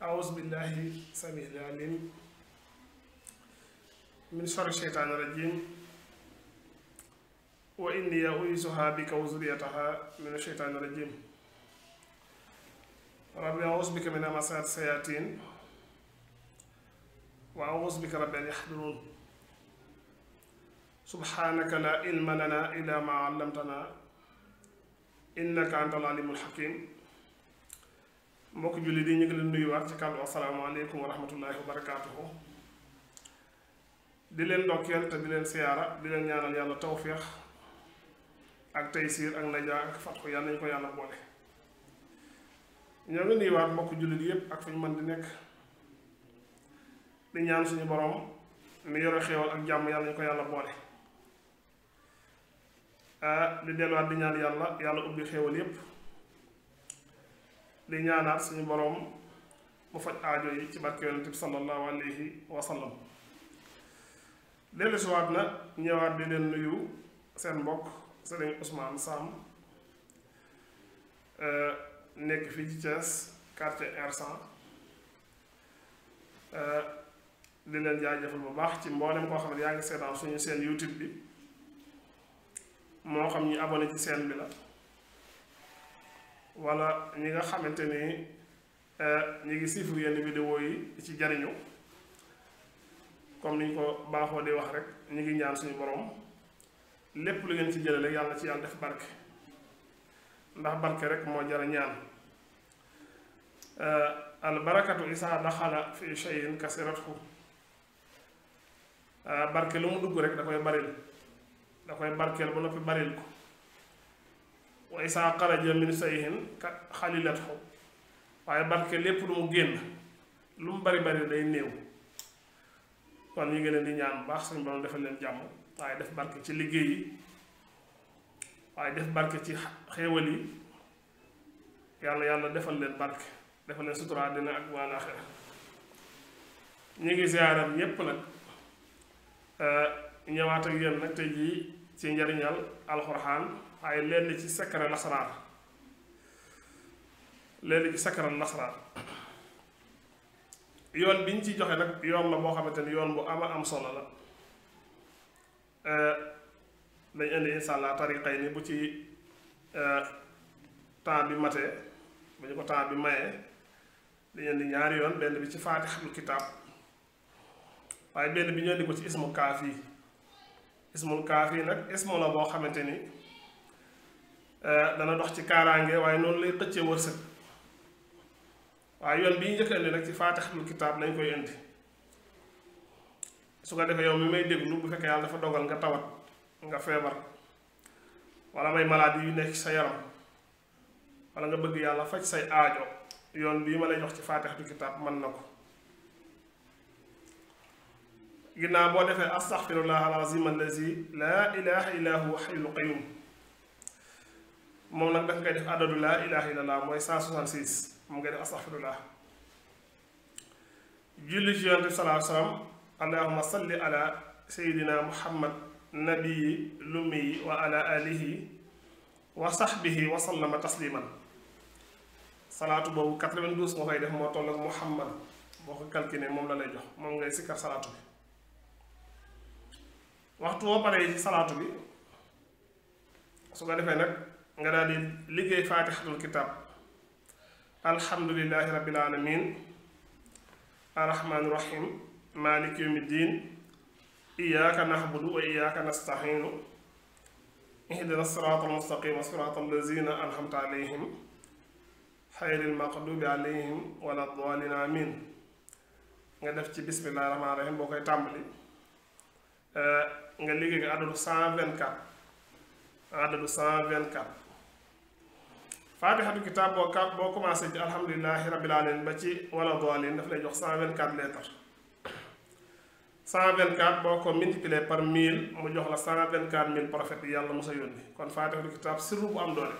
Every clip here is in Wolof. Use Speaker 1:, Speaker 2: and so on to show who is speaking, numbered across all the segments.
Speaker 1: أعوذ بالله سميع العليم من شر الشيطان الرجيم وإني أعيذها بك وزريتها من الشيطان الرجيم ربي أعوذ بك من أمسات الشياطين وأعوذ بك رب أن يحضرون سبحانك لا علم لنا إلا ما علمتنا إنك أنت العليم الحكيم mbokk julli di ñu ngi leen nuyuwaat ci kàddu asalaamaaleykum wa rahmatullahi wa barakaatuhu di leen ndokkeel te di leen siyaara di leen ñaanal yàlla tawféex ak taysiir ak naja ak fatxu yàlla nañu ko yàlla boole ñoo ngi waat mbokk di yépp ak mën di nekk di ñaan suñu borom mi yore xewal ak jàmm yàlla nañu ko yàlla boole ah, di delluwaat di ñaan yàlla yàlla ubbi xewal yépp di ñaanaat suñu boroom mu faj aajo yi ci barke yonent bi sallallahu alayhi wa sallam waat na ñëwaat bi leen nuyu seen mbokk sëriñ Ousmane Sam eh, nekk fii ci Thiès quartier R100 eh, di leen jaajëfal bu baax ci mboolem koo xam ne yaa ngi seetaan suñu seen YouTube bi moo xam ñi abonné ci seen bi la wala ñi nga xamante ni eh, ñi ngi siifur yenn vidéo yi ci jariñu comme niñ ko baaxoo di wax rek ñu ngi ñaan suñu borom lépp lu ngeen ci jële rek yàlla ci yàlla def barke ndax barke rek moo jar ñaan eh, al barakatu isaa daxala fi shay'in kasirathu eh, barke lu mu dugg rek da koy baril da koy barkeel ba noppi baril ko wa isaa xaraja min sayhin xalilat xaw waaye barke lépp lu mu génn lu mu bari bari day néew kon ñu ngi leen di ñaan baax suñu borom defal leen jàmm waaye def barke ci liggéey yi waaye def barke ci xéewal yi yàlla yàlla defal leen barke defal leen sutura àddina ak waa laaxira ñu ngi ziaram ñépp nag eh, ñëwaat ak yéen nag tey jii ci njariñal alquran ay lenn ci sakara nasaraar lenn ci sakara nasaraar yoon biñ ci joxe nak yoon la bo xamanteni yoon bu ama am solo la euh, dañ indi insha allah tariqa ni bu ci euh, temps bi maté bu ko temps bi mayé dañ andi ñaar yoon benn bi ci faatixatul kitab waye benn bi ñu ko ci ismu kafi ismul kaafi nag ismo la boo xamante ni eh, dana dox ci kaaraange waaye noonu lay xëccee wërsëg waaye yoon bi ñu njëkk indi nag ci faatixatul kitaab lañ koy indi su ko defee yow mi may déglu bu fekkee yàlla dafa dogal nga tawat nga feebar wala may maladie yu nekk sa yaram wala nga bëgg yàlla faj say aajo yoon bii ma lay jox ci faatixatul kitaab man na ko قلنا بو ديفه استغفر الله العظيم الذي لا اله الا هو حي القيوم موم نك داك ديف عدد لا اله الا الله موي 166 موم غادي استغفر الله جولي جي انت صلاه وسلم اللهم صل على سيدنا محمد نبي لمي وعلى اله وصحبه وسلم تسليما صلاه بو 92 مو فاي ديف مو تول محمد بوكو كالكيني موم لا لاي جوخ موم غاي سيكر صلاه بي waxtu woo paree ci salaatu bi su ko defee nag nga daal di liggéey faatixatul kitaab alhamdulillahi rabbil alamin arrahmaani rahim malik yawmi diin iyaaka nahbudu wa iyaaka nastaxiinu ihdina siraata almustaqima siraata allazina anhamta alayhim xayri almaqdubi alayhim wala dalin amin nga def ci bismillahi rahmaani rahim boo koy tàmbali Eh, nga liggéey nga adadu 124 adadu 124 fatihatu kitab bo ka bo commencé ci alhamdullilah rabbil alamin ba ci wala dalin daf lay jox 124 lettres 124 boko ko multiplier par 1000 mu jox la 124 prophète yalla musa yoni kon fatihatu kitab sirru bu am doole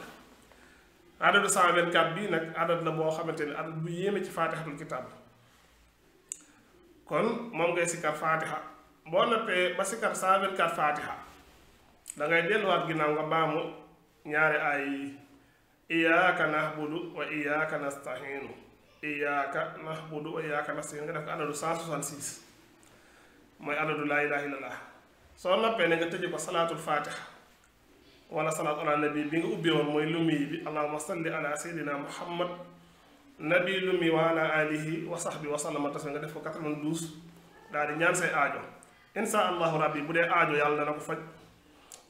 Speaker 1: adadu 124 bi nak adad la bo xamanteni adad bu yeme ci fatihatu kitab kon mom ngay sikkar fatiha boo noppee ba sikar cent vingt quatre fatiha da ngay delluwaat ginnaaw nga baamu ñaari ay iyaaka nahbudu wa iyaaka nastahinu iyaaka nahbudu wa iyaaka nastahinu nga def ko adadu cent soixante-six mooy adadu laa ilaha soo noppee ne nga tëj ko salaatul fatiha wala salaatu ala nabi bi nga ubbi woon mooy lumi bi allahuma salli ala sayyidina muhammad nabi lumi wa ala alihi wa sahbi wa sallama nga def ko 92 daal di ñaan say aajo insa allah rabbi budé aajo yalla dana ko faj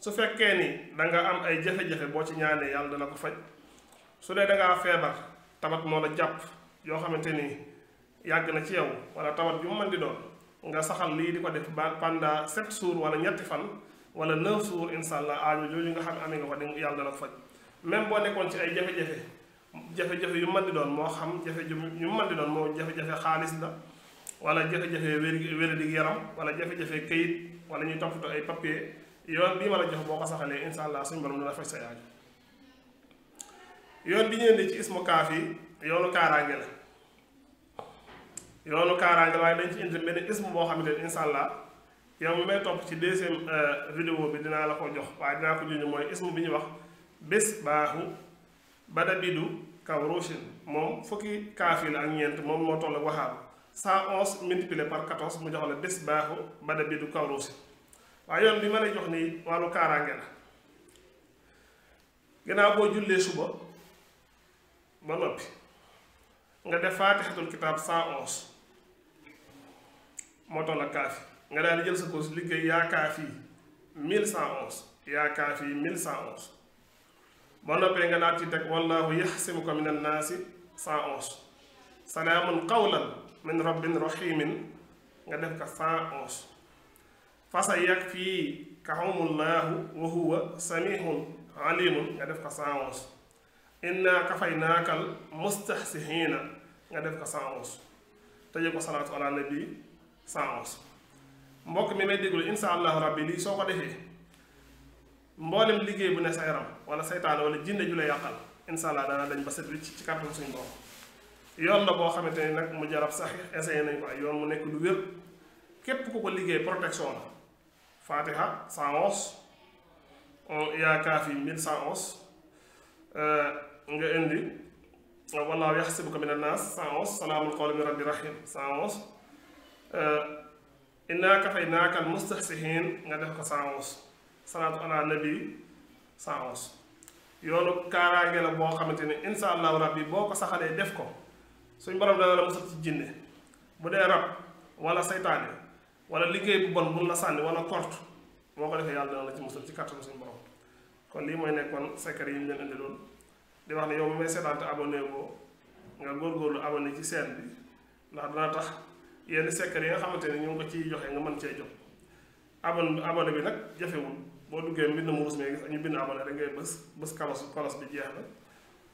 Speaker 1: su fekkee ni da nga am ay jafe-jafe bo ci ñaané yalla dana ko faj su dé da nga feebar tabat mo la japp yo xamante ni na ci yow wala tamat bu mu mën di do nga saxal li diko def ba pendant sept wala ñetti fan wala 9 jours insa allah aajo jooju nga xam amé nga ko yalla dana ko faj même bo nekkoon ci ay jafe-jafe jafe-jafe yu mën di doon mo xam jafe jafé yu mën di doon mo jafe-jafe xaaliss la wala jafé jafé wéré dig yaram wala jafé jafé kayit wala ñuy toppatoo ay papier yoon bi mala jox boko saxalé inshallah suñu borom dina fay sa yaaji yoon bi ñëndé ci ismu kafi yoonu karangé la yoonu karangé way dañ ci indi benn ismu bo xamné inshallah yow may topp ci deuxième euh, vidéo bi dinaa la ko jox wa dina ko ñu moy ismu bi ñu wax bés baaxu badabidu kawrushin mom fukki kafi la ak ñent mom mo tollu ak 111 multiplié par 14 mu jox la bés baaxu bada bi du kawruusi waaye yoon bi ma lay jox nii wàllu kaaraange la ginnaaw boo jullee suba ba noppi nga def faatixatul kitaab 111 moo toll ak kaafi nga daal di jël sa koos liggéey yaa kaafi 1111 yaa kaafi 1111 ba noppee nga daal ci teg wallahu yaxsimuka min annaasi 111 salaamun qawlan min rabbin rahimin nga def ko cent onze fasa yag fii kahumullaahu wa huwa samihun alimun nga def ko cent onze inna kafaynaakal mustahsihiina nga def ko cent onze tëje ko salaatu ala nabi san onze mbokk mi may déglu insha allahu rabbi lii soo ko defee mboolem liggéey bu ne sa yaram wala seytaane wala jinne ju la yàqal insha allah daana dañ ba set wicc ci kàttan suñu borom yoon la boo xamante ni nag mu jarab sax essayé nañ ko ay yoon mu nekk lu wér képp ku ko liggéey protection la fatiha 111 yaa kaafi 1111 nga indi wallaahu yaxsibuka min annaas 111 salaamul qawli min rabbi rahim 111 ka euh, kafaynaaka al mustahsihin nga def ko 111 salaatu ala nabi 111 yoonu kaaraange la boo xamante ni incha allahu rabbi boo ko saxalee def ko suñ borom da la musal ci jinne bu dee rab wala saytaane wala liggéey bu bon bu la sànni wala kort moo ko defee yàlla dana la ci musal ci kàttanu suñ borom kon lii mooy nekkoon secret yi ñu leen indi loolu di wax ne yow may seetaante abonné boo nga góorgóorlu abonné ci seen bi ndax dana tax yenn secret yi nga xamante ne ñu ngi ko ciy joxe nga mën cee jox abon abonné bi nag jafewul boo duggee mbind mu rus mee gis ñu bind abonné da ngay bës bës kalos kolos bi jeex na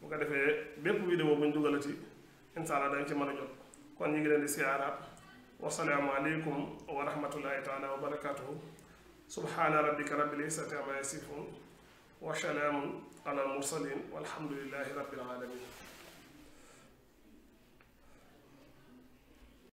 Speaker 1: bu ko defee bépp vidéo bu ñu dugalati incha allah danga ci mën a jot kon ñu ngi leen di siyaara wasalaamu aleykum wa rahmatullahi taala wa barakatuhu subhaana rabbika rabbil izzati amma yasifun wa salaamun ala mursalin walhamdulillahi rabbil alamin